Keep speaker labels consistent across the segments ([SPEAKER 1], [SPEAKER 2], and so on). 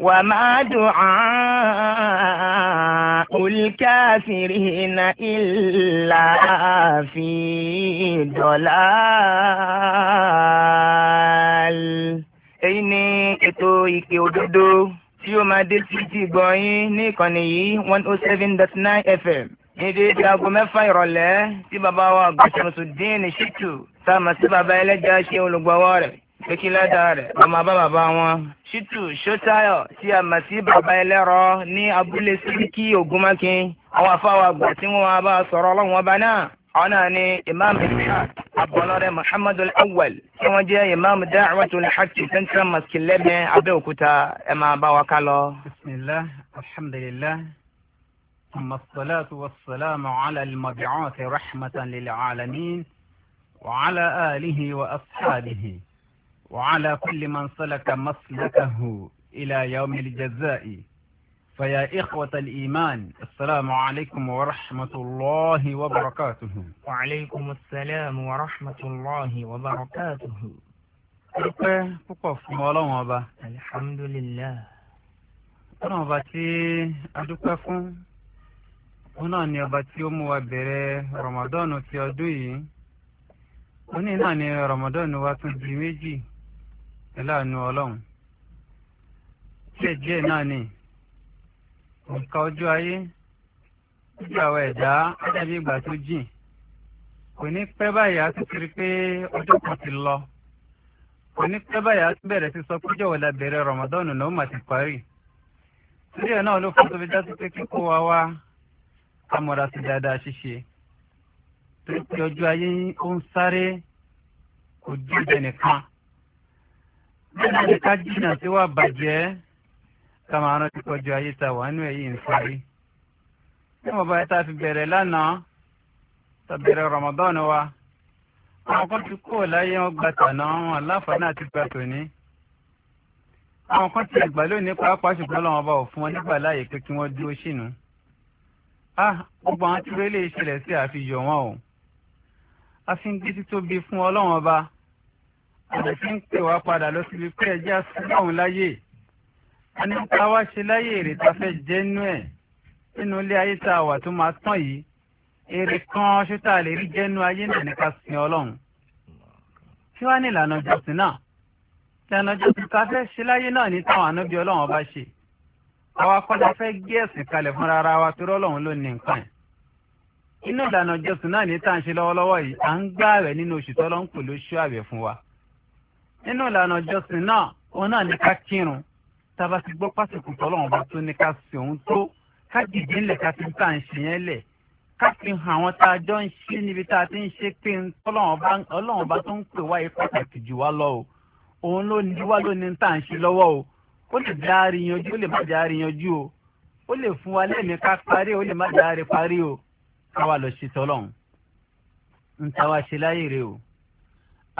[SPEAKER 1] وما دعاء الكافرين إلا في ضلال èyí ni ètò ìpè òdodo tí ó máa dé títí gbọ̀nyìn ní ìkànnì yìí one oh seven dot nine fm ní déédéé aago mẹ́fà ìrọ̀lẹ́ tí bàbá wa àgbà Ṣàmsùdín Ṣítù tá a mọ̀ sí bàbá ẹlẹ́jà ṣe olùgbọ́wọ́ rẹ̀ pékíládà rẹ̀ ọmọ bá bàbá wọn. ṣítù ṣótáyọ̀ tí a mọ̀ sí bàbá ẹlẹ́rọ ní abúlé síríkì ògúnmákin àwọn afáwọn àgbà tí wọ́n máa bá sọ̀rọ̀ ọlọ́run ọba náà. àwọn náà ni imam ishaq abọlọrẹ muhammadu awwal tí wọ́n jẹ́ imam da'watul haqq central mosque lẹ́bẹ̀ẹ́ abẹ́òkúta ẹ máa bá wa ká lọ. bisimilah alhamdulillah amma salatu wa salamu wa
[SPEAKER 2] ala وعلى كل من سلك مسلكه إلى يوم الجزاء فيا إخوة الإيمان السلام عليكم ورحمة الله وبركاته
[SPEAKER 1] وعليكم السلام ورحمة الله وبركاته dúpẹ́ púpọ̀ fún ọlọ́run ọba. alihamudulilayi.
[SPEAKER 2] ọlọ́run ọba tí a dúpẹ́ fún òun náà ni ọba tí ó mú wa bẹ̀rẹ̀ rọmọdọ́ọ̀nù ti ọdún yìí òun náà ni rọmọdọ́ọ̀nù wa tún di méjì pẹ̀lú àánú ọlọ́run díẹ̀ díẹ̀ náà ni nǹkan ojú ayé ojú àwọn ẹ̀dá ẹ̀dàbí ìgbà tó jìn kò ní pẹ́ báyìí a ti kiri pé ọjọ́ kan ti lọ kò ní pẹ́ báyìí a ti bẹ̀rẹ̀ sí sọ pé jọ̀wọ́ la bẹ̀rẹ̀ rọmọdọ́nù ló mà ti parí torí ẹ̀ náà ló fọ́ tó fi dá sí pé kíkó wa wá amọ̀ra sí dáadáa ṣíṣe torí pé ọjọ́ ayé ń sáré kò jẹ́ ìdẹnìkan nígbà tí ká jìnnà tí wàá bàjẹ́ ká máa rántí kọjú ayé ta wà nínú èyí ń sáré. bí mo bá yẹ tá a fi bẹ̀rẹ̀ lánàá tá a bẹ̀rẹ̀ Ramadan wa àwọn kan ti kó láyé wọn gba tànà wọn aláǹfààní àti gba tòní. àwọn kan ti gbà lónìí pàápàá ṣùgbọ́n làwọn bá ò fún wọn nígbà láàyè pé kí wọ́n dúró sínú. a ah, gbogbo àwọn tí wọ́n lè ṣẹlẹ̀ sí àfihàn wọn o. a fi ń gbé títóbi fún Ọlọ́run ọba àti tí ń pè wá padà lọ síbi pé ẹjẹ́ àsìláhùn láyè a ní ká wá ṣe láyè èrè tá a fẹ́ jẹ́ nínú ẹ̀ nínú ilé ayé tá a wà tó máa tán yìí èrè kan ṣó tá a lè rí jẹ́ nínú ayé náà ní ká sin ọlọ́run kí wá ní ìlànà ìjọsìn náà ìlànà ìjọsìn tá fẹ́ ṣe láyé náà ní táwọn ànábì ọlọ́run ọba ṣe àwa kọ́lá fẹ́ gé ẹ̀sìn kalẹ̀ fúnra ara wa torí ọlọ́run ló ní nǹkan ẹ̀ inú ìlànà ìjọsìn náà ní tá à ń ṣe lọ́wọ́lọ́wọ́ yìí à ń gbààwẹ̀ nínú oṣù tọ́lọ́ ń pè lóṣù àwẹ̀ fún wa nínú ìlànà ìjọsìn náà òun náà ní ká kírun tába ti gbọ́ pásìkò tọ́lọ́wọ́n bá tó ní ká sí òun tó ká dìde ńlẹ̀ ká fi tá à ń ṣe yẹn lẹ̀ ká fi hàn àwọn tá a jọ ń ṣe níbi tá a ti ń ṣe pé ọlọ́wọ́n bá tó ń pè wáyé pàtàkì jù wá lọ o òun ló ní wá ló ní tá à ń ṣe lọ́wọ́ o ó lè dá a rí yanjú ó lè má dá a rí yanjú o ó lè fún wa lẹ́ẹ̀mí ká parí ó lè má dá a rí parí o ká wá lọ ṣe tọ́lọ́hún ń ta wá ṣe láyé rè o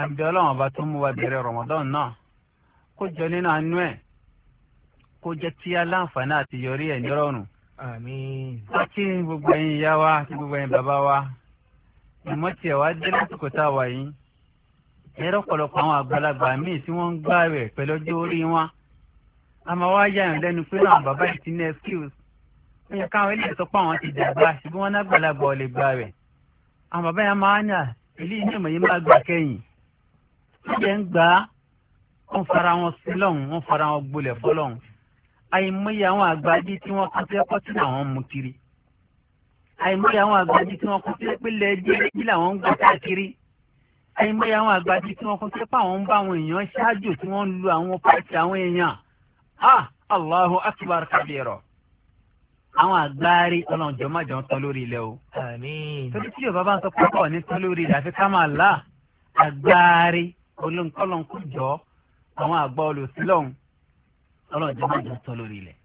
[SPEAKER 2] àbí ọlọ́run tó mú wa bẹ̀rẹ̀ rọmọdán náà kó jọ nínú àánú ẹ̀ kó jẹ́ tí aláǹfààní àti yọrí ẹ̀ nírọ̀rùn. láti gbogbo ẹ̀yin ìyá wa àti gbogbo ẹ̀yin bàbá wa ìmọ̀ tiẹ̀ wá dé lásìkò tá a wà yìí ẹ̀rọ ọ̀pọ̀lọpọ̀ àwọn àgbàlagbà míì tí wọ́n ń gbá rẹ̀ pẹ̀lú ọjọ́ orí wọn a máa wá yà yàn lẹ́nu pé náà ti ní excuse ó yẹ káwọn eléyìí sọ pé àwọn ti dàgbà ṣùgbọ́n wọn nágbàlagbà ò lè gbà rẹ̀ àwọn bàbá yẹn máa ń yà eléyìí ní ìmọ̀ yìí máa gbà kẹ́yìn ẹ̀jẹ̀ ń gbà á wọ́n fara wọn sí lọ́hùn wọ́n fara wọn gbolẹ̀ fọlọ́hùn àìmọye àwọn àgbàdì tí wọ́n kọ́ sí ẹ̀kọ́ tí làwọn mú kiri àìmọye àwọn àgbàdì tí wọ́n kọ́ sí ẹ̀pẹ́ lẹ́ẹ̀dẹ́ bí làwọn ń gbà káàkiri àìmọye àwọn àgbàdì tí wọ́n kọ́ sí ẹ̀pẹ́ àwọn ń bá àwọn èèyàn ṣáájú tí wọ́n ń lu àwọn pàṣẹ àwọn èèyàn ah allahu akbar kabiro àwọn àgbáárí ọlọ́run jọ má jọ ń tán lórí ilẹ̀ o. àmín. torí tí yorùbá bá ń sọ pé ọkọ ní tán lórí ilẹ̀ àfi ká máa là àgbáárí olóńkọ́lọ́n kò jọ àwọn àgbà olùsílọ̀hún ọlọ́run jẹ́ máa jẹ́ tọ́ lórí ilẹ̀.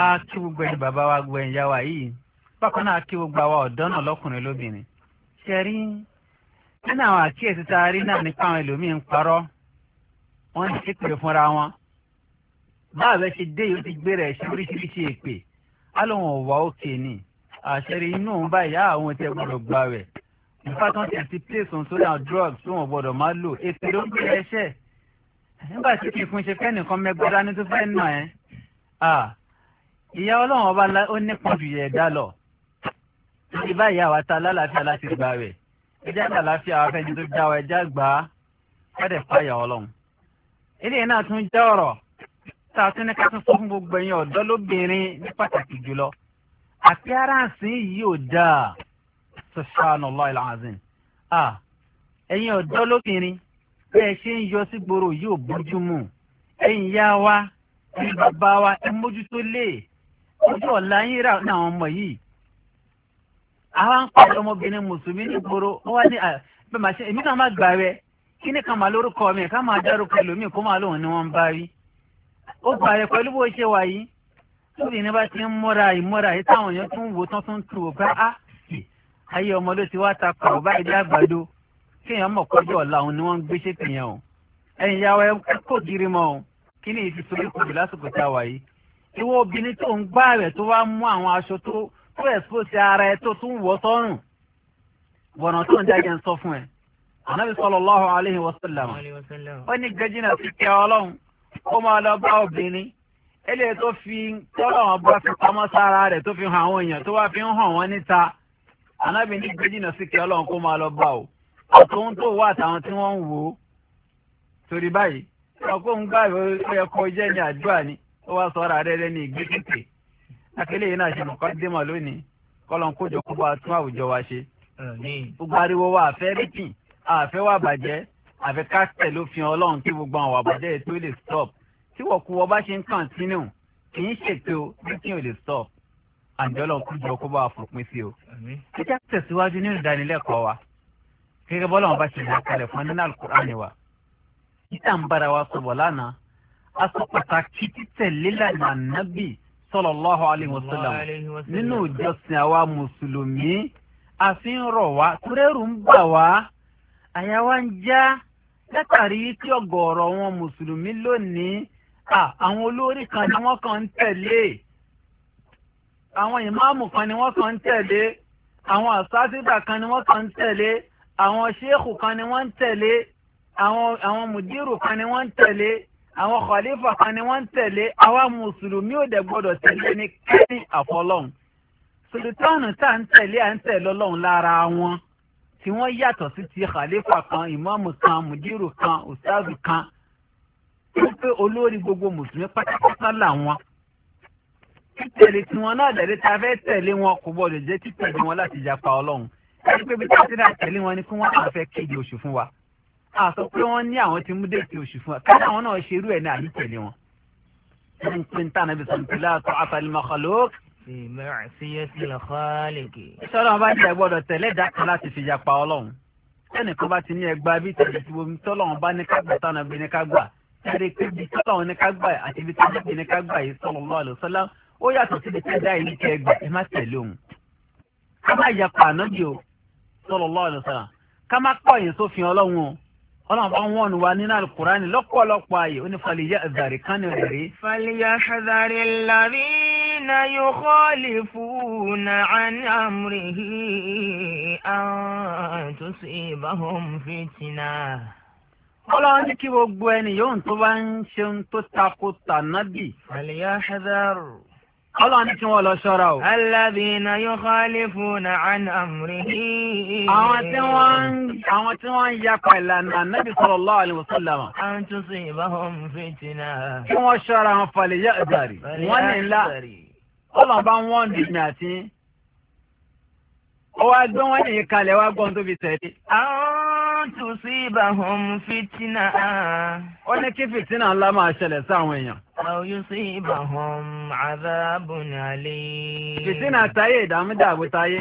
[SPEAKER 2] a kí gbogbo ẹni bàbá wa gbogbo ẹni yá wa yìí bákan náà a kí gbogbo àwa ọ̀dọ́ náà lọ́kùnrin lóbìnrin. ṣe rí nínú àwọn àkíyèsí tá a rí náà nípa àwọn ẹlòmíín ń parọ́ wọ́n ń ṣépè fúnra wọn. báà bẹ́ẹ̀ ṣe dé yóò ti gbéra ẹ̀ ṣe oríṣiríṣi èpè á lóun ò wá òkè ni àṣẹ rí inú òun báyìí àwọn tẹ gbọdọ̀ gbà rẹ̀ ìfàtàn tí a ti place on sórí àwọn drugs tó wọn gbọ́dọ̀ máa lò ètò ló ń gbé ẹṣẹ nígbà tí kì í fún ṣe fẹ́ nìkan mẹ́gbẹ́ dání tó fẹ́ nà ẹ́ ìyá ọlọ́run ọba ó nípọn ju yẹ̀ dá lọ lórí báyìí àwa ta lálàáfíà láti gbà rẹ̀ ẹjẹ́ àlàáfíà wa fẹ́ni tó dá wa ẹjẹ́ àgbà fẹ́rẹ̀ fàyà ọlọ́run eléyìí náà tún jẹ́ ọ̀rọ̀ tá a tún ní ká tún fún gbogbo ẹ̀yin ọ̀dọ́ lóbìnrin ní pàtàkì jùlọ àti aráàsì yìí ò dáa subhanallahi alazim ah ẹ̀yin ọ̀dọ́ lóbìnrin bẹ́ ẹ ṣe ń yọ sí gbòòrò yóò bójú mu ẹ̀yin yá wa ẹ̀yin bàbá wa ẹ mójútó lé ojú ọ̀la yín rà ní àwọn ọmọ yìí àwa ń pàdé ọmọbìnrin mùsùlùmí ní gbòòrò wọn wá ní bẹ́ẹ̀ máa ṣe èmi kan máa gbà rẹ kí ni kan máa lórúkọ mi ká máa dárúkọ ẹlòmíì kó máa lóun ni wọ́n ń bá rí ó gbà rẹ pẹ̀lú bó ṣe wà yìí tóbi ní bá ti ń múra ìmúra yìí táwọn èèyàn tún wò tán tún tù ó pé ah ayé ọmọ ló ti wá ta kọ̀ báyìí dé àgbàdo kéèyàn mọ̀ kọjú ọ̀la òun ni wọ́n gbé ṣépè yẹn o ẹ̀yin ya wa ẹ kó giri mọ́ o kí ni ìfi torí kojú lásìkò tá a wà yìí ìwọ obìnrin tó ń gbá rẹ̀ tó wá mú àwọn aṣọ tó tó expose ara ẹ tó tún wọ́ sọ́rùn bọ̀nà tó ń jáde ń sọ fún ẹ anabi sallallahu alayhi wa sallam ó ní gẹ́jìnà sí kẹ́ ọlọ́run ó máa lọ bá obìnrin eléyìí tó fi tọ́lọ̀ wọn bá fi pamọ́ sára rẹ̀ tó fi hàn àwọn èèyàn tó wá fi ń hàn wọ́n níta anábì ní gbẹ́jìnà sí kí ọlọ́run kó máa lọ bá o àtòun tó wà àtàwọn tí wọ́n ń wò ó torí báyìí ọkọ̀ ń gbà ó yẹ kó jẹ́ ní àdúrà ni ó wá sọ ọ́ rà rẹ́rẹ́ ní ìgbésíkè akéle yìí náà ṣe mọ̀ká démọ̀ lónìí kọ́lọ́n kójọ kó bá tún àwùjọ wa ṣe. gbogbo ariwo wa àfẹ́ rìkìn àfẹ́ wà bàjẹ́ àfẹ́ ká ló fi hàn ọlọ́run kí gbogbo àwọn àbàjẹ́ ètò lè stop tí wọ́n kú wọ́n bá ṣe ń kàn sínú kì í ṣètò bí ò lè stop àǹjọ́lọ̀ kú jọ kó bá wa fòpin sí o. ẹ jẹ́ tẹ̀síwájú nínú ìdánilẹ́kọ̀ọ́ wa gẹ́gẹ́ bọ́lá wọn bá ṣe lè kalẹ̀ fún nínú alukur'ani wa. títà ń bára wa sọ̀bọ̀ lánàá a sọ pàtàkì títẹ̀lé lànà nábì sallallahu alaihi wasallam nínú ìjọsìn àwa mùsùlùmí a fi ń rọ̀ wá kúrẹ́rù ń bà wá àyà wa ń já látàrí tí ọ̀gọ̀ọ̀rọ̀ wọn mùsùlùmí lónìí àwọn olórí kan ni wọ́n kàn ń tẹ̀lé àwọn ìmáàmù kan ni wọ́n kàn ń tẹ̀lé àwọn àsátìgbà kan ni wọ́n kàn ń tẹ̀lé àwọn ṣéèkù kan ni wọ́n ń tẹ̀lé àwọn mùdírù kan ni wọ́n ń tẹ̀lé àwọn khalifa kan ni wọ́n ń tẹ̀lé àwa mùsùlùmí ò dẹ̀ gbọ́dọ̀ tẹ̀lé ní kẹ́ni àfọlọ́hún sultan tá à ń tẹ̀lé à ń tẹ̀lé ọlọ́run lára wọn tí wọ́n yàtọ̀ sí ti khalifa kan ìmáàmù kan mùdírù kan ustaz kan wípé olórí gbogbo mùsùlùmí pátápátá làwọn títẹ̀lé tí wọn náà dẹ̀rẹ́ ta fẹ́ tẹ̀lé wọn kò gbọdọ̀ jẹ́ títẹ̀lé wọn láti jàpá ọlọ́run ẹni pé bí títẹ̀lé àtẹ̀lé wọn ni kí wọ́n á fẹ́ kéde oṣù fún wa a sọ pé wọ́n ní àwọn ti mú déètì oṣù fún wa káyọ̀ àwọn náà ṣe irú ẹ̀ ní àyè tẹ̀lé wọn. wọ́n ń pin bí sọ̀rọ̀ pẹ̀lú àtọ̀ àfàlìmọ̀kọ̀lọ́k. sọ́dọ̀ bá ní ẹgbọ́dọ̀ ó yàtọ̀ síbi tí ẹ̀dá ìlú kẹ́ gbà ẹ má tẹ̀lé òun. ká má yapa ànábì o sallallahu alaihi wasallam ká má kọ̀yìn sófin ọlọ́run o ọlọ́run bá wọ́n wa nínú alukurani lọ́pọ̀lọpọ̀ ayé ó ní fàlìyà ẹ̀dàrí kan ní rẹ̀.
[SPEAKER 1] fàlìyà ẹ̀dàrí làrí na yóò kọ́lé fún àmúrèhì àwọn ní kí gbogbo ẹni yóò tó bá ń ṣe tó takò tànábì. fàlìyà ẹ̀dàrí. Ọlọ́run tí wọ́n lọ ṣọ́ra o. Alladhina yukhalifuna an amrihi. Àwọn tí wọ́n àwọn tí wọ́n ń yapa ìlànà Ànábì sallallahu alaihi wasallam. An tusibahum fitna. Kí wọ́n
[SPEAKER 2] ṣọ́ra wọn falẹ̀ yá ìdàrí. Wọ́n ní ńlá. Ọlọ́run bá wọ́n dì mí àti. Ó wá gbé wọ́n nìyí kalẹ̀ wá gbọ́n tóbi tẹ̀lé. Àwọn tusibahum fitna. ó ní kí fìtínà ńlá máa ṣẹlẹ̀ sáwọn èèyàn.
[SPEAKER 1] aw yusibahum adhabun alim. fìtínà
[SPEAKER 2] táyé ìdààmú dàgbò táyé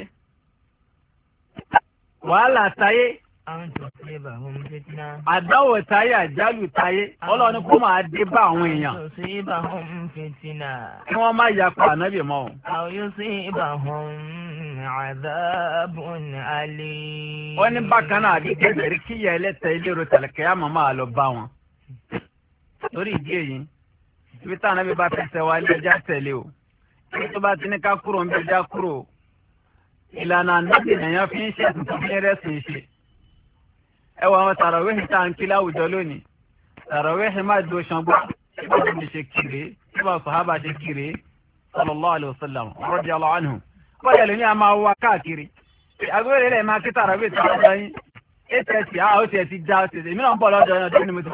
[SPEAKER 2] wàhálà táyé. àdáwò táyé àjálù táyé ọlọ́run ni kó máa dé bá àwọn èèyàn. kí wọ́n má yapa ànábì mọ́ o. wọ́n ní bákan náà àbí kẹfẹ́rí kí ìyá ẹlẹ́tẹ̀ẹ́ ìlérò tẹ̀lẹ̀kẹ́ àmọ́ máa lọ bá wọn. lórí ìdí èyí ibi táwọn ànábì bá fẹsẹ̀ wá ilé ẹja tẹ̀lé o ibi tó bá ti ní ká kúrò ń bẹ ẹja kúrò ìlànà ànábì nìyẹn fi ń ṣe àtúntò ní ẹrẹ́sìn ṣe ẹ wọ àwọn tàràwéhì tá à ń kí láwùjọ lónìí tàràwéhì má do ṣanbó ìbára mi ṣe kéré ìbára sàhábà ṣe kéré sallallahu alayhi wa sallam radiyallahu anhu bọ́ọ̀dì ẹlòmí a máa wá káàkiri agbóhùn ilẹ̀ máa kí tàràwéhì tó ń sọyìn eight thirty ah ó tiẹ̀ ti já ó tiẹ̀ ti èmi náà ń bọ̀ lọ́dọ̀ ẹ̀ náà tó ní mo ti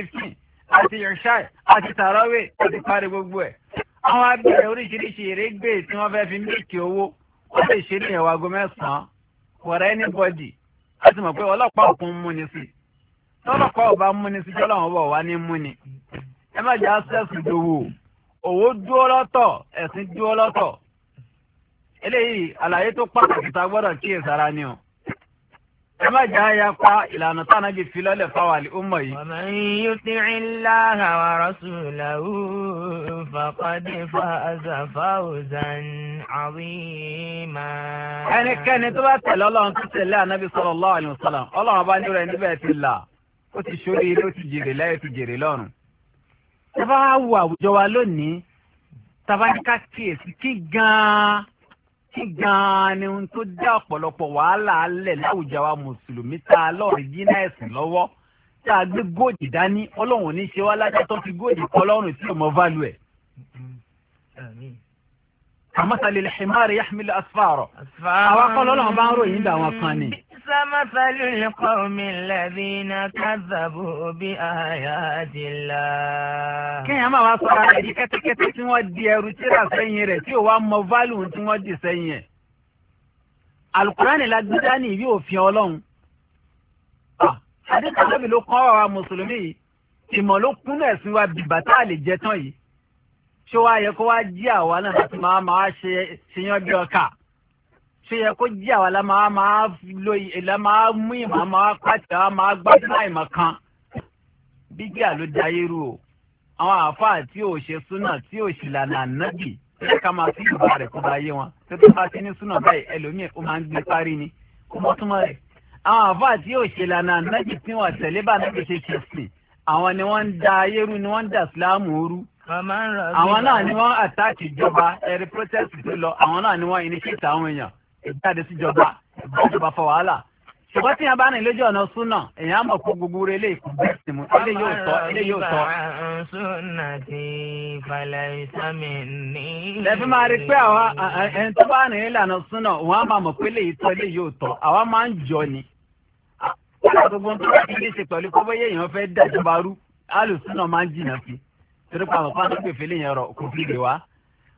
[SPEAKER 2] fẹ́ máa àti tàràwé àti parí gbogbo ẹ̀. àwọn abẹ́rẹ́ oríṣiríṣi ìrégbè tí wọ́n fẹ́ fi mílíkì owó wọ́n lè ṣe ní ẹ̀wà aago mẹ́sàn-án for anybody láti mọ̀ pé ọlọ́pàá òkun mú ni sí tọ́lọ́pàá ò bá mú ni sí jọ́lọ́ wọn bọ̀ wá ní mú ni. ẹ má jẹ́ access ìdòwò òwò dúró lọ́tọ̀ ẹ̀sìn dúró lọ́tọ̀ eléyìí àlàyé tó pàtàkì tá a gbọ́dọ̀ kíyèsára ni o ẹ má jà ya pa ìlànà tá a nàbì filọ́lẹ̀ fáwọn àlè ó mọ̀ yìí. ọmọ
[SPEAKER 1] yìí ti rìn láha wa rasulahu faqad faza fawzan azima. ẹnikẹ́ni tó bá tẹ̀lé ọlọ́run
[SPEAKER 2] tó tẹ̀lé ànábì sallallahu alaihi wasallam ọlọ́run bá nírọ̀ ẹni bẹ́ẹ̀ ti là ó ti ṣorí ilé ó ti jèrè láyé ti jèrè lọ́run. ẹ bá wo àwùjọ wa lónìí tabaríkà kíyèsí kí gan-an kí gan-an ni ohun tó dá ọ̀pọ̀lọpọ̀ wàhálà alẹ̀ láwùjọ wa mùsùlùmí tá a lọ́ọ̀rì jìnnà ẹ̀sìn lọ́wọ́ tá a gbé góòdì dání ọlọ́run ní ṣe wá lájà tó fi góòdì kọ́ lọ́rùn tí ọmọ válù ẹ̀. kàmásálẹ̀ lè ṣe máa rẹ̀ yàhámílẹ̀ asfáàrọ̀
[SPEAKER 1] àwọn akọ́lọ́lọ́run bá ń ròyìn dà wọn kan ni. مثل القوم الذين كذبوا بآيات الله.
[SPEAKER 2] kéèyàn máa wá sọ̀rọ̀ rẹ̀ di kẹ́tẹ́kẹ́tẹ́ tí wọ́n di ẹrù tíra sẹ́yìn rẹ̀ tí ò wá mọ válùú tí wọ́n di sẹ́yìn ẹ̀. alukurani la gbígbá ní ìwé òfin ọlọ́run. àdéhùn àbí ló kọ́ ọ̀rọ̀ mùsùlùmí yìí ìmọ̀ ló kún ẹ̀sìn wa bìbà tá a lè jẹ tán yìí. ṣé wàá yẹ kó wá jí àwa náà láti máa máa ṣe ṣe ọkà tó yẹ kó jí àwa la máa máa lo ìlà máa mú ìmọ̀ máa pàṣẹ àwa máa gbádùn àìmọ̀ kan bíbí àló dayé rú o àwọn àáfàá tí ò ṣe súnà tí ò sì lànà ànábì ẹ ká máa fi ìgbà rẹ̀ kó bá yé wọn tó tó bá ti ní súnà báyìí ẹlòmíì ó máa ń gbé parí ni kó mọ́ túmọ̀ rẹ̀ àwọn àáfàá tí ò ṣe lànà ànábì tí wọ́n tẹ̀lé bá ànábì ṣe ṣe sìn àwọn ni wọ́n ń da ayé ni wọ́n ń da síláàmù rú
[SPEAKER 1] àwọn náà ni wọ́n
[SPEAKER 2] àtàkì ìjọba ẹ̀rí protest tó lọ àwọn náà ni wọ́n initiate àwọn èèyàn ìjáde síjọba ìjọba fa wàhálà ṣùgbọ́n tí yẹn bá rìn lójú ọ̀nà súnà èèyàn á mọ̀ kó gbogbo rẹ eléyìí kò bẹ́ẹ̀ sì mú ilé yóò tọ́ ilé yóò tọ́. lẹ́fí máa rí pé àwa ẹni tó bá rìn ìlànà súnà òun á máa mọ̀ pé eléyìí tọ́ eléyìí yóò tọ́ àwa máa ń jọ ni. wọ́n gbogbo tó bá ti ṣe pẹ̀lú kó bóyá èèyàn fẹ́ dàjọba rú alùsúnà máa ń jìnnà sí torí pàmò fáwọn gbèfé lè yẹn rọ kò fi lè wá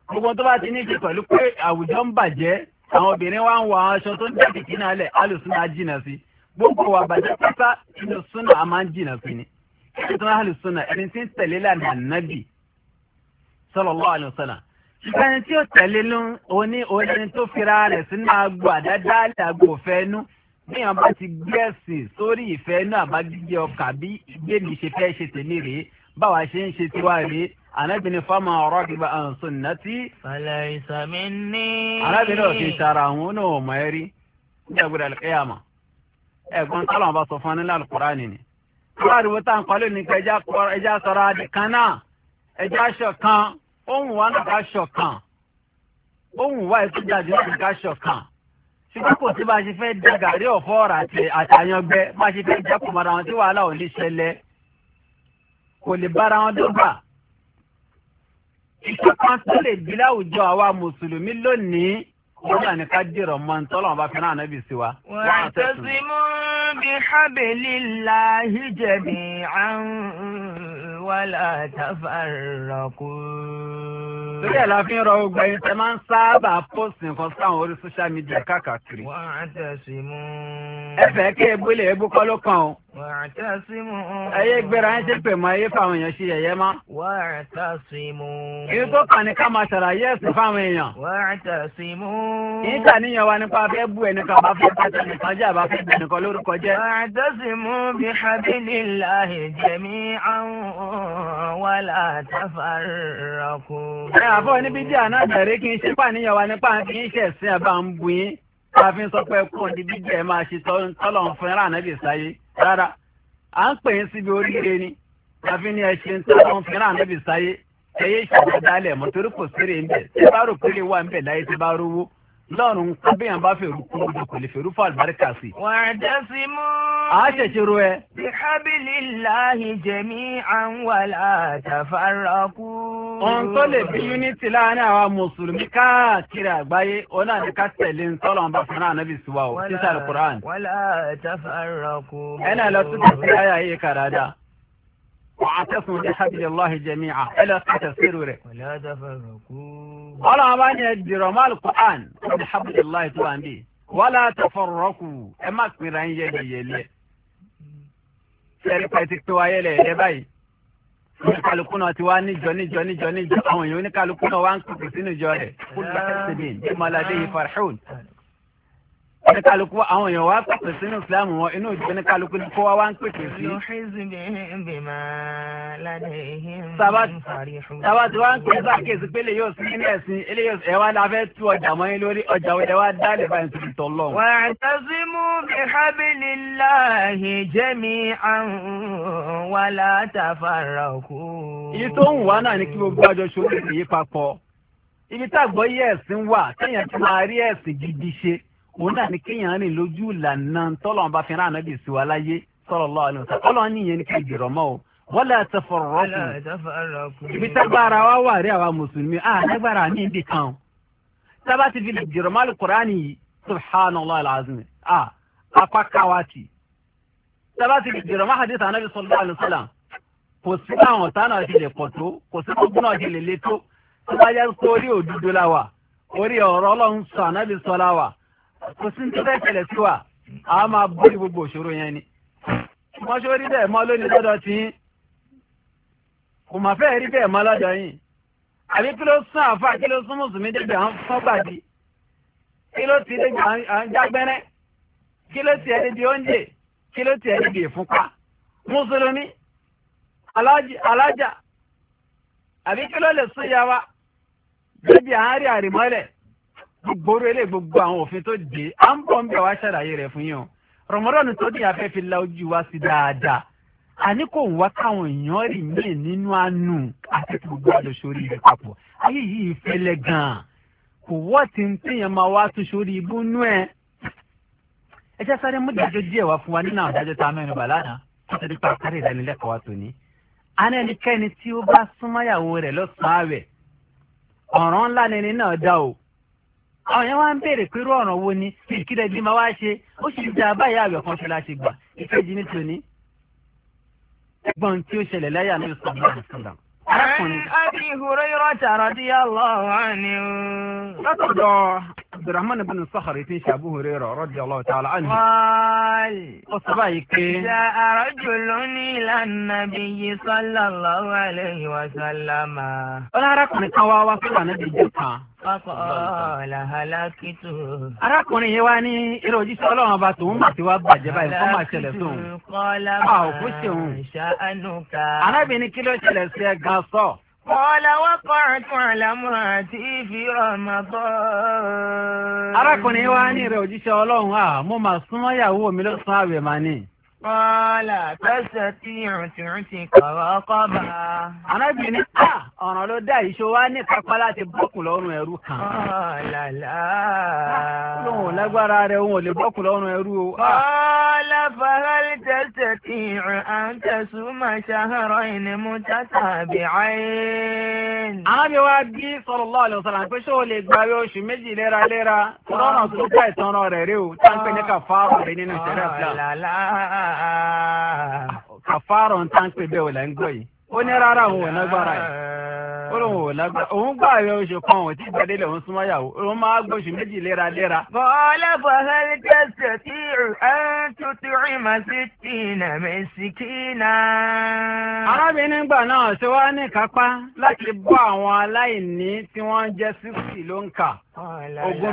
[SPEAKER 2] gbogbo tó bá ti ní ṣe pẹ̀lú pé àwùjọ ń bàjẹ́ àwọn obìnrin wa ń wọ àwọn aṣọ tó ń jáde kí náà lẹ̀ alùsùnà jìnà sí gbogbo wa bàjẹ́ pátá inú súnà a máa ń jìnà sí ni kí tó alùsùnà ẹni tí ń tẹ̀lé lànà nábì sallallahu alaihi wasallam ìkànnì tí ó tẹ̀lé ló ń oní oní tó fira rẹ̀ sínú agbo àdádálẹ̀ agbo fẹ́nu níyàn bá ti gbé ẹ̀sìn sórí ìfẹ́ náà bá ọkà bí ìgbé mi ṣe fẹ́ ṣe tèmi rèé báwa ṣe ń ṣe tiwa rèé anabini fama ragiba an sunnati.
[SPEAKER 1] falaisa minni. anabini o ti
[SPEAKER 2] sara àwọn ní o mọ ẹrí ní ẹgbẹrẹ alikiyama ẹ̀gbọ́n tọ́lọ̀ ọba sọ fún nílẹ̀ alukurani ni. wọ́n àdìbò tá à ń kọ́lé nípa ẹja sọ̀rọ̀ adì kan náà ẹja aṣọ kan ohun wa náà ká aṣọ kan ohun wa ètò ìjàdí náà ká aṣọ kan. ṣùgbọ́n kò sí bá a ṣe fẹ́ da gàrí ọ̀fọ́ ọ̀rọ̀ àti àtàyàngbẹ bá a ṣe fẹ́ jákòmọ́ra wọn tí wàhálà ò ní ṣẹlẹ̀ kò lè bára wọn dọ́gba ìṣọ̀kan tó lè di láwùjọ àwa mùsùlùmí lónìí wọ́n náà ní ká dìrọ̀ mọ́ ní tọ́lọ́mù bá fi náà náà sí wa. wà á tẹ̀sí
[SPEAKER 1] mú bí hablillahi jami'an wala tafarraqu. lórí ẹ̀ la fi ń rọ ọgbà yìí tẹ
[SPEAKER 2] máa ń sábà pósì nǹkan sáwọn orí sóṣà mídíà káàkiri.
[SPEAKER 1] wà á tẹ̀sí mú. ẹ fẹ́
[SPEAKER 2] kí ebúlé ebúkọ́ ló kàn o
[SPEAKER 1] wàtàsímù. ẹyẹ gbéra ẹ ṣe
[SPEAKER 2] pè mọ ẹyẹ fáwọn èèyàn ṣe yẹ̀yẹ́ mọ́.
[SPEAKER 1] wàtàsímù. kí
[SPEAKER 2] tó kàn ní ká máa ṣàlàyé ẹ̀sìn fáwọn èèyàn.
[SPEAKER 1] wàtàsímù. níta
[SPEAKER 2] níyàn wa nípa fẹ́ bú ẹnìkan bá fẹ́ bá tẹ̀lé kan jẹ́ àbá fẹ́ bá ẹnìkan lórúkọ jẹ́.
[SPEAKER 1] wàtàsímù bí hablillahi jami'an wa la tafarraqu. ẹ àbọ̀ níbi díẹ̀
[SPEAKER 2] náà bẹ̀rẹ̀ kí n ṣe pàníyàn wa nípa kí n ṣẹ̀sìn ẹ̀ bá ń bu yín. rárá à ń pè é síbi oríire ni tàbí ní ẹṣin tí wọn fi ràn níbi sáyé ẹyẹ ìṣàdádálẹ̀ mọ́tòrí kò sérè ń bẹ̀ tí bá rò pé lè wà ń bẹ̀ láyé tí bá rówó lọ́run abẹ́yàn bá fèrú kú ọjọ́ kò lè fèrú fún àlùbáríkà sí.
[SPEAKER 1] wa'tasimu. a ṣẹ̀ṣẹ̀ ro ẹ. bi hablillahi jami'an wala tafarraqu. ohun tó lè bí unity láàárín àwa
[SPEAKER 2] mùsùlùmí káàkiri àgbáyé òun náà ní ń tọ́lọ̀ nbà fún náà nábì síwá o títà alukur'an.
[SPEAKER 1] wala tafarraqu. ẹ náà lọ tún tẹ̀sí yìí
[SPEAKER 2] kàdáadáa wàtẹ́sùn ní hábìlì lọ́hìn jẹ̀mí à ẹ lọ sí tẹ̀síìrù rẹ̀. ọlọ́run bá ní ẹ̀dìrọ̀ máàlù quran ní hábìlì lọ́hìn tó wà níbí wọ́lá tẹ̀fọ̀rọ̀kù ẹ má pinra ń yẹ yẹlẹ. sẹ́rí pẹ̀tí pé wáyé lẹ̀ ẹ̀ báyìí. oníkàlùkù náà ti wá níjọ níjọ níjọ níjọ àwọn èèyàn oníkàlùkù náà wá ń kúkú sínú ìjọ rẹ̀ kúlù ní kálukú àwọn èèyàn wá pèsè sínú ìsìlámù wọn inú ìjọba ní kálukú ni kó wá wá ń pèsè sí.
[SPEAKER 1] sábà wá
[SPEAKER 2] ń pèsè àkíyèsí pé lè yóò sí nínú ẹ̀sìn ilé ẹ̀ wá la fẹ́ tú ọjà mọ́ yín lórí ọjà wo ẹ̀ wá dálé báyìí sí ìtọ́ lọ.
[SPEAKER 1] wà á tẹ́símù bí hábìlìláhi jẹ́mi àrùn wà látàfàrà kú. iye tó ń wá náà ni kí gbogbo àjọ
[SPEAKER 2] ṣòwò ìyípapọ̀ ibi tá àgbọ̀ yẹ̀ ẹ̀sìn wà kéèyàn ti máa rí ẹ̀sìn gidi ṣe òun dà ní kéèyàn rìn lójú ìlànà tọ́lọ̀ ọba fẹ́ràn ànábì sí wa láyé sallallahu alaihi wasallam ọlọ́run nìyẹn ní kéèyàn jùrọ̀ mọ́ o wọ́n lè tafarraqu
[SPEAKER 1] ibi tágbára wa
[SPEAKER 2] wà rí àwa mùsùlùmí à lágbára mi bì kan tábà ti fi lè jùrọ̀ mọ́ alukurani subhanallah alazim à apá káwáàtì tábà ti lè jùrọ̀ mọ́ hadith ànábì sallallahu alaihi wasallam kò sí àwọn ọ̀tá náà ti lè pọ̀ tó kò sí gbogbo kò sí tó fẹ́ ṣẹlẹ̀ sí wa a máa bóyí gbogbo òṣòro yẹn ni mo ṣe rí bẹ́ẹ̀ mọ́ lónìí lọ́dọ̀ tí kò mà fẹ́ rí bẹ́ẹ̀ mọ́ lọ́dọ̀ yìí àbí kí ló sún àfa kí ló sún mùsùlùmí débi à ń fún gbàdí kí ló ti débi à ń jágbẹ́rẹ́ kí ló ti ẹni di oúnjẹ kí ló ti ẹni di ìfúnpá mùsùlùmí alájà àbí kí ló lè sún yà wá débi à ń rí àrìmọ́lẹ̀ gbogbo orí ilé gbogbo àwọn òfin tó dé à ń bọ̀ ń bẹ̀ wá ṣàlàyé rẹ̀ fún yín o rọmọdọ́nù tó dìyà fẹ́ fi la ojú wa sí dáadáa àní kò wá káwọn èèyàn rì mí nínú àánú àti gbogbo àlòsórí rẹ̀ papọ̀ ayé yìí fẹ́lẹ́ gan-an kò wọ́ ti ń téèyàn máa wá tún sórí ibú nú ẹ̀ ẹ jẹ́ sáré mú dájọ́ díẹ̀ wá fún wa nínú àwọn dájọ́ tá a mẹ́rin bà lánàá nítorí pé àkárè ìdánilẹ́kọ̀ọ́ wa tòní àná ẹnikẹ́ni tí ó bá súnmọ́yàwó rẹ̀ lọ́sàn-án àwẹ̀ ọ̀ràn ńlá ni ẹni náà dá o àwọn yẹn ń béèrè pé irú ọ̀ràn wo ni kìkìrẹ́ bí máa wá ṣe ó sì dá báyìí àwẹ̀ kan ṣe láti gbà ìkejì ní tòní. tí ó ṣẹlẹ̀ láyà ní ìsọ̀rọ̀ náà sọ̀rọ̀. tààrà abdulrahman bin sakhari ti ń ṣe abu hurairah radiyallahu ta'ala anhu.
[SPEAKER 1] wọ́ọ̀lì.
[SPEAKER 2] ó sábà yìí pé. ṣe
[SPEAKER 1] arajulun ila nabiyyi sallallahu alayhi wa sallam. ọlọ́run kan
[SPEAKER 2] wá wá fún ànábì jẹ́ kan.
[SPEAKER 1] Fakọ̀ọ́lá alákìtù. Arákùnrin yẹn
[SPEAKER 2] wá ní eré òjíṣẹ́ ọlọ́run ọba tòun bá ti wá bàjẹ́ báyìí fún máa ṣẹlẹ̀ sóun.
[SPEAKER 1] Kọ́lá máa ń ṣàánú ká. Arábìnrin kí ló ṣẹlẹ̀ sí ẹ gan sọ? Kọ́lá wá kọ́rọ̀tún àlámọ́ àti ìfi ọmọ bọ́. Arákùnrin wa ní rẹ̀
[SPEAKER 2] òjíṣẹ́ Ọlọ́run à, mo máa súnmọ́ ìyàwó mi lọ́sàn-án àwẹ̀ màá
[SPEAKER 1] Kọ́lá tẹ́sẹ̀ tí ìrùntìrùn ti kọ̀rọ̀ kọ́ bá.
[SPEAKER 2] Ànábì ní à ọ̀ràn ló dá ìṣó wá ní pápá láti bọ́kùn lọ́rùn ẹrú kan. Kọ́lá
[SPEAKER 1] là. Lóhùn
[SPEAKER 2] lágbára rẹ̀ òun ò lè bọ́kùn lọ́rùn ẹrú o.
[SPEAKER 1] Kọ́lá fàrálì tẹ́sẹ̀ tí ìrùn à ń tẹ̀sùn máa ṣàhárọ̀ ìní mú tàtà àbí àyìn. Ànábì wa bí sallallahu alaihi wasallam pé
[SPEAKER 2] ṣé o lè gba oṣù méjì léraléra?
[SPEAKER 1] ka
[SPEAKER 2] ń tán pé bẹ́ẹ̀ ò là ń ó ní rárá òun ò lágbára yìí ó lóun kan òun t'i gbàdé lè òun súnmọ́ yàwó òun máa gbọ́ oṣù méjì léraléra. bọ́lá bọ̀hálí tẹ̀sán tí ẹ̀ẹ́n tuntun ìmọ̀ sí tìǹà mẹ́sìkìnà. arábìnrin gbà náà ṣe wá ní kápá láti bọ́ àwọn aláìní tí wọ́n jẹ́ ló ń kà
[SPEAKER 1] ogún ó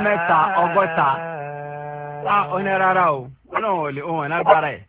[SPEAKER 1] ní rárá o
[SPEAKER 2] ó lóun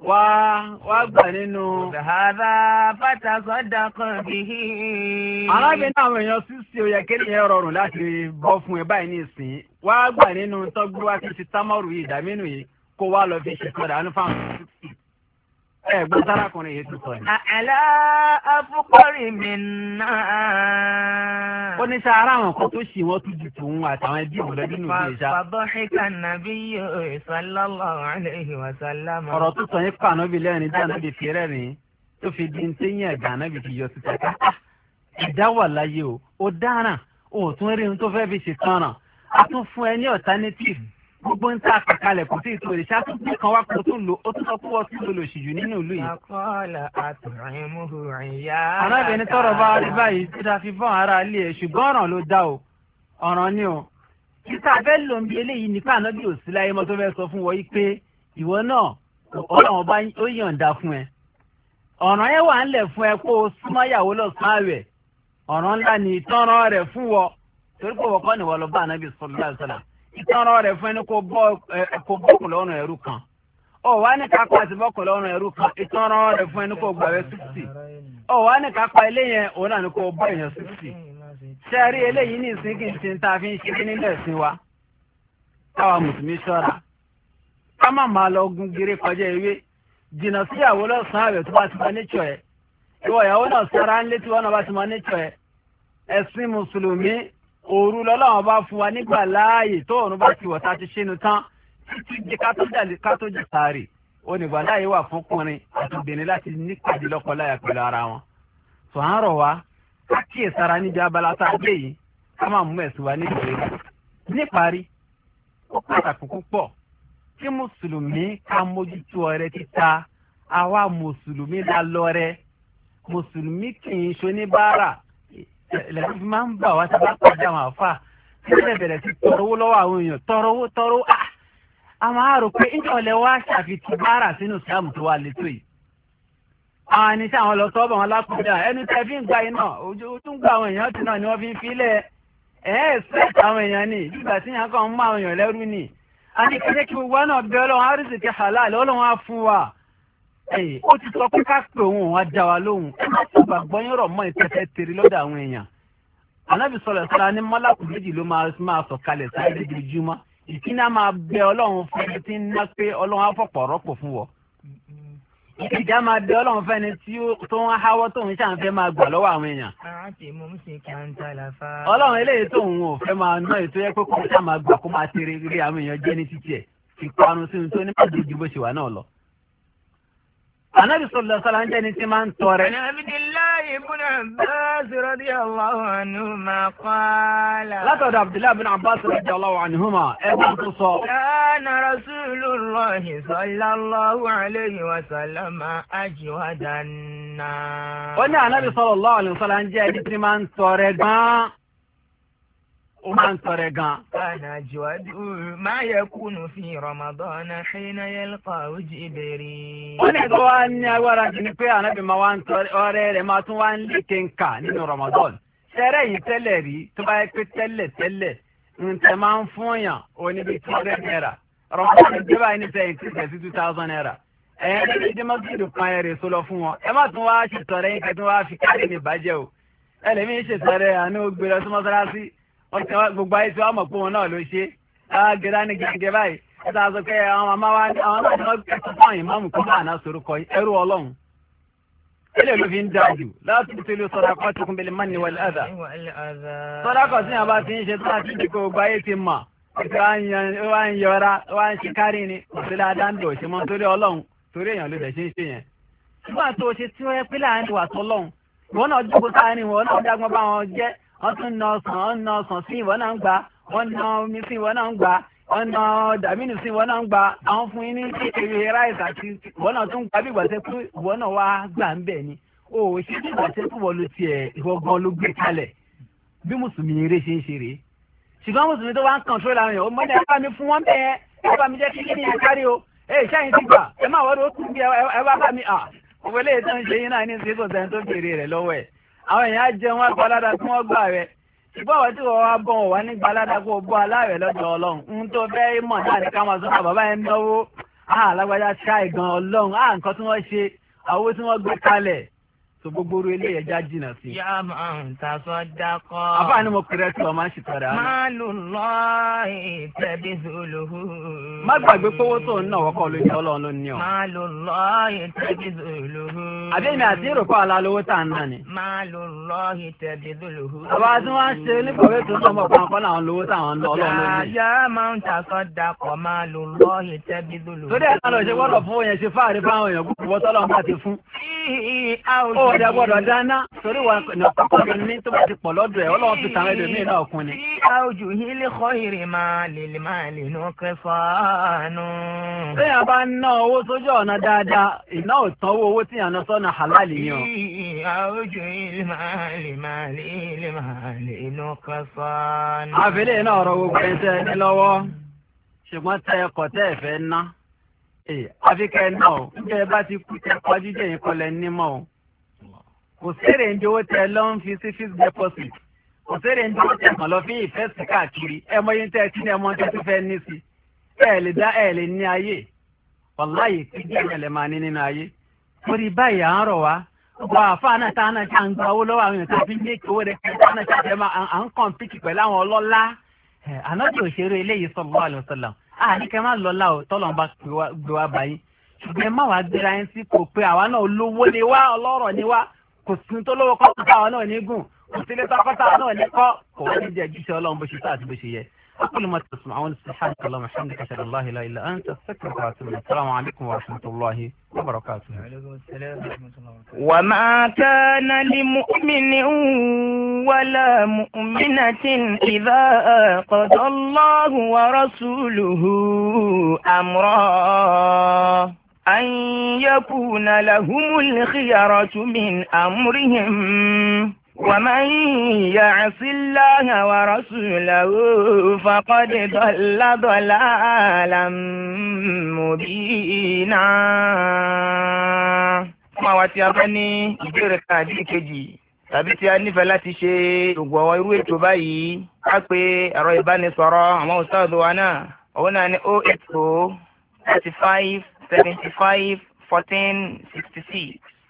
[SPEAKER 2] wa wá gbà nínú. Bàbá
[SPEAKER 1] bàtà sọ́dà kan bíi. Arábìnrin
[SPEAKER 2] àwọn èèyàn sísè oyè kéèyàn rọrùn láti bọ́ fún ẹ báyìí ní wa gbà nínú tọ́gbúwá ti ti támọ́rù yìí dàmínú yìí kó wa lọ fi fáwọn ẹ̀gbọ́n sárakùnrin yìí ti sọ ni.
[SPEAKER 1] àlá afúkọ́rì mi náà. ó ní sá ara àwọn kan
[SPEAKER 2] tó ṣì wọ́n tún ju tòun àtàwọn ẹbí òun lọ́dún nínú ìṣá.
[SPEAKER 1] bàbá ṣèkà nàbí sallallahu alaihi wa sallam. ọ̀rọ̀ tó sọ yín pa ànábì lẹ́rìn tí ànábì
[SPEAKER 2] fi rẹ́rìn tó fi di ntẹ́yìn ẹ̀gbà ànábì fi yọ síta ká. Ah, ẹ̀dá wà láyé o ó dáràn òun tún rí ohun tó fẹ́ fi ṣètọ́ràn a tún fún ẹ ní alternative gbogbo ń tà àkàkalẹ̀ kò sí ìtòrè ṣáàtúntì kan wá kó tó lò ó tún sọ pé wọ́n tún lò lòṣì jù nínú ìlú yìí.
[SPEAKER 1] àkọọ́lẹ̀ àtùrìmù rìnyá. arábìnrin tọrọ bá rí báyìí
[SPEAKER 2] tí fi bọ́n ara ilé ẹ̀ e, ṣùgbọ́n ọ̀ràn ló dá o ọ̀ràn ni o. títà fẹ́ lò ń bi eléyìí nípa ànábì òsì láyé mọ́ fẹ́ sọ fún wọ́n pé ìwọ náà ọlọ́run bá ó yọ̀ǹda fún ẹ. ọ̀ràn yẹn wà ńlẹ̀ fún ẹ kó o súnmọ́yàwó lọ́sàn ìtọ́rọ rẹ̀ fún ẹni kò bọ́kùn lọ́rùn ẹrú kan ó wá ní kápá àti bọ́kùn lọ́rùn ẹrú kan ìtọ́rọ rẹ̀ fún ẹni kò gbàwé sixty ó wá ní kápá ilé yẹn òun náà ni kò bọ́ èèyàn sixty ṣe rí eléyìí ní ìsìn kì í ṣe tá a fi ń ṣe nílẹ̀ sí wa táwa mùsùlùmí ṣọ́ra ká má máa lọ gun gírí kọjá ewé jìnnà sí lọ́sàn-án òru lọ́lọ́run bá fún wa nígbà láàyè tó òrùn bá ti wọ̀ tá a ti ṣínu tán títí di ká tó jà sáré ó ní gbà láàyè wà fún kùnrin àti obìnrin láti nípàdé lọ́kọ láya pẹ̀lú ara wọn. sọ à ń rọ̀ wá ká kíyè sára níbi abala tá a gbé yìí ká máa mú ẹ̀sùn wa nídìí níparí ó pàtàkì púpọ̀ kí mùsùlùmí ká mójútó ọrẹ títa àwa mùsùlùmí la lọ́rẹ mùsùlùmí kì í ṣoníbàárà lẹ́yìn fi máa ń bà wá sábà pàdé àwọn àfa tẹ́lẹ̀ bẹ̀rẹ̀ sí tọrọwó lọ́wọ́ àwọn èèyàn tọrọwó tọrọ à àwọn àrò pé ń tọ̀lẹ̀ wá ṣàfihàn bára sínú sáàmù tó wà létò yìí. àwọn àníṣe àwọn lọ sọ́ọ̀bù àwọn lápúdà ẹnu tẹ́ fi ń gba iná ojú tó ń gba àwọn èèyàn ti náà ni wọ́n fi ń filẹ̀ ẹ̀ ẹ́ sẹ́ẹ̀tì àwọn èèyàn ni nígbà tí yàn kàn ń mú àwọn èèyàn lẹ́rú ni. àníkẹ́jẹ́ kí gbogbo náà bẹ́ ọlọ́run á rí ó ti sọ pé ká pè òun òun ajá wa lóhùn ó gbàgbọ́ yín rọ̀ mọ́ ìtẹ́tẹ́ tèrè lọ́dọ̀ àwọn èèyàn anábì sọlọ sọlá ní mọ́làkù méjì ló máa sọ kalẹ̀ sáré lójoojúmọ́ ìkíni á máa bẹ ọlọ́run fún ẹni tí ń ná pé ọlọ́run á fọ̀pọ̀ rọ́pò fún wọ. ìkejì á máa bẹ ọlọ́run fún ẹni tí tó ń háwọ́ tó ń ṣàǹfẹ́ máa gbà lọ́wọ́ àwọn èèyàn.
[SPEAKER 1] ọlọ́run eléyìí tó ń
[SPEAKER 2] wò fẹ́ máa ná ètò yẹ pé kó ṣáà máa gbà kó máa tèrè rí àwọn èèyàn jẹ́ ní títì ẹ̀ fi parun sínú tó ní má Ànábì sọ̀lọ̀ sọ̀lọ̀ ń jẹ́ ni tí máa ń tọrẹ. Àná
[SPEAKER 1] Abdullahi ibn Abbas radiyallahu anhuma qala. Látọ̀dọ̀
[SPEAKER 2] Abdullahi ibn Abbas radiyallahu anhuma ẹ̀gbọ́n tó sọ.
[SPEAKER 1] Kana Rasulullahi sallallahu alayhi wa sallam ajwadan nas. Ó
[SPEAKER 2] ní Ànábì sọ̀lọ̀ lọ́wọ́ àlùsọ̀lọ̀ ń jẹ́ ni tí máa ń tọrẹ gan-an. O máa ń sọ̀rọ̀ gan.
[SPEAKER 1] kana juwadu ma yakunu fi ramadana hina yalqa jibiri. ó ní ẹ̀ka
[SPEAKER 2] wa ní agbára jù ni pé ànábì máa wá ń sọ̀rọ̀ ọ̀rẹ́ rẹ̀ máa tún wá ń lè kéńkà nínú ramadan. sẹ́rẹ̀ yìí tẹ́lẹ̀ rí tó bá yẹ pé tẹ́lẹ̀ tẹ́lẹ̀ ntẹ̀ máa ń fún yàn oníbi two hundred naira ramadan dé báyìí níta yìí ti tẹ̀sí two thousand naira. ẹ̀yẹ́ ní ìdí mọ́tò kan ẹ̀rẹ̀ sọ lọ fún wọn ẹ má tún wá ṣètọ̀rẹ́ yín kẹ́tún wá fi káàdì ní ìbàjẹ́ o ẹlẹ́mìí ṣètọ̀rẹ́ àánú gbéra sí mọ́sálásí ọ̀sẹ̀ gbogbo ayé tí wọ́n mọ̀ pé wọn náà ló ṣe gẹ́gẹ́ ní gẹ́gẹ́ báyìí ẹ̀ta sọ pé àwọn máa wá ní àwọn náà ni wọ́n gbẹ̀sọ̀ fún àyìn máàmù kó máa náà sorúkọ ẹrú ọlọ́run ilé ló fi ń da jù láti tó lè sọ̀rọ̀ akọ́ tó kún bẹ́lẹ̀ mọ́ni wọlé àdá sọ́dọ̀ akọ̀ tí yàrá ti ń ṣe tó àti ìdíkọ̀ gbogbo ayé ti mọ̀ wá ń yọra wá ń ṣe kárí ni òṣèlú adáńdò ṣe mọ́ torí ọlọ́run torí èèyàn ló dẹ̀ ṣe ń ṣe yẹn nígbà tó ṣe tí wọ́n yẹ pé láàrin wà tọ́lọ́run ìwọ náà jókòó sáà ni náà dágbọ́n bá wọn wọ́n tún na ọsàn wọ́n na ọsàn sí ìwọ náà ń gbà wọ́n na omi sí ìwọ náà ń gbà wọ́n na dàmínú sí ìwọ náà ń gbà àwọn fún yín ní kékeré ráìsì àti ìwọ náà tún gbà bí ìgbà tẹ́ pé ìwọ náà wá gbà ń bẹ̀ ni o ò ṣe bí ìgbà tẹ́ pé ìwọ ló tiẹ̀ ìwọ gan ló gbé kalẹ̀ bí mùsùlùmí eré ṣe ń ṣe rèé ṣùgbọ́n mùsùlùmí tó wá ń kàn tó láwọn èèyàn mọ́ni ẹ bá mi fún wọn bẹ́ẹ̀ ẹ bá mi jẹ́ kí kíni yẹn kárí o ẹ ṣáyìn ti gbà ẹ má wọ́n ló kún bí ẹ bá bá mi à òwe lè tán ṣe yín náà ní sí kò sẹ́ni tó béèrè rẹ̀ lọ́wọ́ ẹ̀ àwọn èèyàn á jẹun wá gbalada tí wọ́n gbà rẹ̀ ṣùgbọ́n àwọn tí wọ́n wá bọ̀ wọ́n wá ní gbalada kó o bọ́ aláàrẹ̀ lọ́dọ̀ ọlọ́run ń tó fẹ́ mọ̀ náà ní ká máa bàbá yẹn náwó alágbádá ah, ṣáì gan ọlọ́run á ah, nǹkan tí wọ́n ṣe àwo tí wọ́n gbé kalẹ̀ so gbogbo orí ilé ẹja jìnnà sí.
[SPEAKER 1] yá máa ń ta sọ́jà àbá ni
[SPEAKER 2] mo pèrè tí wọ́n máa ń ṣètọ́ra. máa
[SPEAKER 1] lù lọ ìtẹ̀bí zòlòhù. má gbàgbé
[SPEAKER 2] pé owó tó ń náwó kọ́ ló jẹ́ ọlọ́run ló ní ọ.
[SPEAKER 1] máa lù lọ ìtẹ̀bí zòlòhù. àbí mi àti èrò kọ́ ala lówó tá à ń nà ni. máa lù lọ ìtẹ̀bí zòlòhù. àbá tí wọ́n ṣe nípòwé tó ń sọmọ kan kọ́ làwọn lówó táwọn ń lọ ọlọ́run ló ní. yá máa ń ta sọ́jà kọ́ máa lù wọ́n dẹ̀ gbọ́dọ̀ dáná
[SPEAKER 2] torí wọn nàkọ́kọ́ ló ní tó bá ti pọ̀ lọ́dọ̀ ẹ̀ ọlọ́wọ́ fi tàwọn ẹlòmíì náà kún ni.
[SPEAKER 1] àwùjọ yìí lè kọ́ ìrì máa lè lè máa lè nù kẹfàánù. téèyàn
[SPEAKER 2] bá ná owó sójú ọ̀nà dáadáa ìná ò tán owó owó tíyàn ná sọ́nà halal ni o.
[SPEAKER 1] àwùjọ yìí lè máa lè máa lè lè máa lè náà rọ gbogbo ẹ̀ńtẹ́ ní
[SPEAKER 2] lọ́wọ́ ṣùgbọ́n tẹ́ ẹ̀kọ́ tẹ́ ẹ̀fẹ́ ná kò sèrè ń jowó fi sí deposit kò sèrè ń jowó tẹ màlọ́ fi ìfẹ́ sí káàkiri ẹ mọ yín tẹ ẹ tí ní ẹ mọ tẹ́tí fẹ́ ní sí ẹ lè dá ẹ lè ní ayé wàláyé tí díẹ̀ ẹ lè máa ní a gba owó lọ́wọ́ àwọn èèyàn tàbí ní èkó rẹ̀ tá a náà ma àjẹmọ́ à ń kàn pìkì pẹ̀lú àwọn ọlọ́lá ànájì sallallahu alaihi wasallam o tọ́lọ́ bá gbé wá báyìí ṣùgbọ́n ẹ má wàá gbéra yín sí kò ni ni kò sí tó lówó kọ́tà táwọn náà ní gùn kò sí létà kọ́tà náà ní kọ́ kò wá ní jẹ́ jíṣẹ́ ọlọ́run bó ṣe tó àti bó ṣe yẹ. أقول ما تسمعون سبحانك اللهم وبحمدك أشهد أن لا إله إلا أنت أستغفرك وأتوب
[SPEAKER 1] السلام عليكم ورحمة الله وبركاته. وما كان لمؤمن ولا مؤمنة إذا قضى الله ورسوله أمرا أن يكون لهم الخيرة من أمرهم ومن يعص الله ورسوله فقد ضل ضلالا مبينا máa wá tí a bá ní ìbéèrè kan àti tàbí tí a nífẹ̀ẹ́ láti ṣe ìgbọ̀wọ́ irú ètò báyìí á pe ẹ̀rọ ìbánisọ̀rọ̀ àwọn ustaz wa náà òun náà ní 080 35 Seventy-five, fourteen, sixty-six.